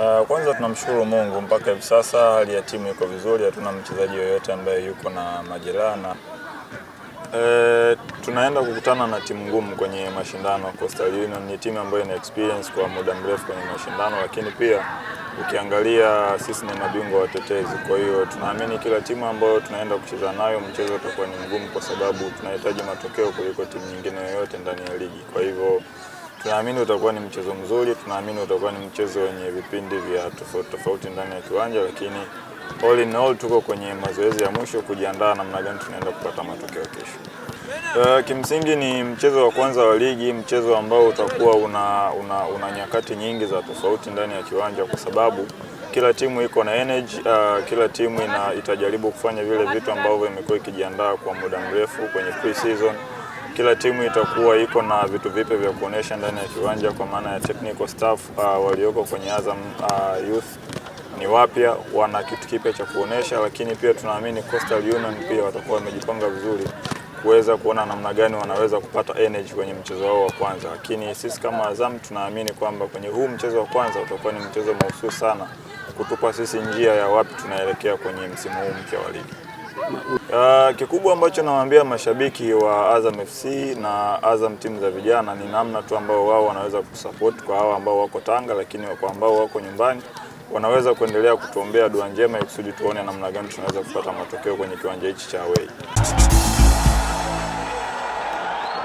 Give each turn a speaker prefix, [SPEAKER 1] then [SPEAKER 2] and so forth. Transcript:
[SPEAKER 1] Uh, kwanza tunamshukuru Mungu mpaka hivi sasa hali ya timu iko vizuri, hatuna mchezaji yoyote ambaye yuko na majeraha na e, tunaenda kukutana na timu ngumu kwenye mashindano. Coastal Union ni timu ambayo ina experience kwa muda mrefu kwenye mashindano, lakini pia ukiangalia sisi ni mabingwa watetezi. Kwa hiyo tunaamini kila timu ambayo tunaenda kucheza nayo mchezo utakuwa ni mgumu, kwa sababu tunahitaji matokeo kuliko timu nyingine yoyote ndani ya ligi, kwa hivyo Tunaamini utakuwa ni mchezo mzuri, tunaamini utakuwa ni mchezo wenye vipindi vya tofauti tofauti ndani ya kiwanja, lakini all in all tuko kwenye mazoezi ya mwisho kujiandaa namna gani tunaenda kupata matokeo kesho. Uh, kimsingi ni mchezo wa kwanza wa ligi, mchezo ambao utakuwa una, una, una nyakati nyingi za tofauti ndani ya kiwanja kwa sababu kila timu iko na energy, uh, kila timu ina, itajaribu kufanya vile vitu ambavyo imekuwa ikijiandaa kwa muda mrefu kwenye pre-season kila timu itakuwa iko na vitu vipya vya kuonesha ndani ya kiwanja, kwa maana ya technical staff uh, walioko kwenye Azam uh, youth ni wapya, wana kitu kipya cha kuonesha, lakini pia tunaamini Coastal Union pia watakuwa wamejipanga vizuri kuweza kuona namna gani wanaweza kupata energy kwenye mchezo wao wa kwanza. Lakini sisi kama Azam tunaamini kwamba kwenye huu mchezo wa kwanza utakuwa ni mchezo mahususi sana kutupa sisi njia ya wapi tunaelekea kwenye msimu huu mpya wa ligi. Uh, kikubwa ambacho nawaambia mashabiki wa Azam FC na Azam timu za vijana ni namna tu ambao wao wanaweza kusupport kwa hao ambao wako Tanga, lakini kwa ambao wako nyumbani wanaweza kuendelea kutuombea dua njema, ikusudi kusudi tuone namna gani tunaweza kupata matokeo kwenye kiwanja hichi cha away.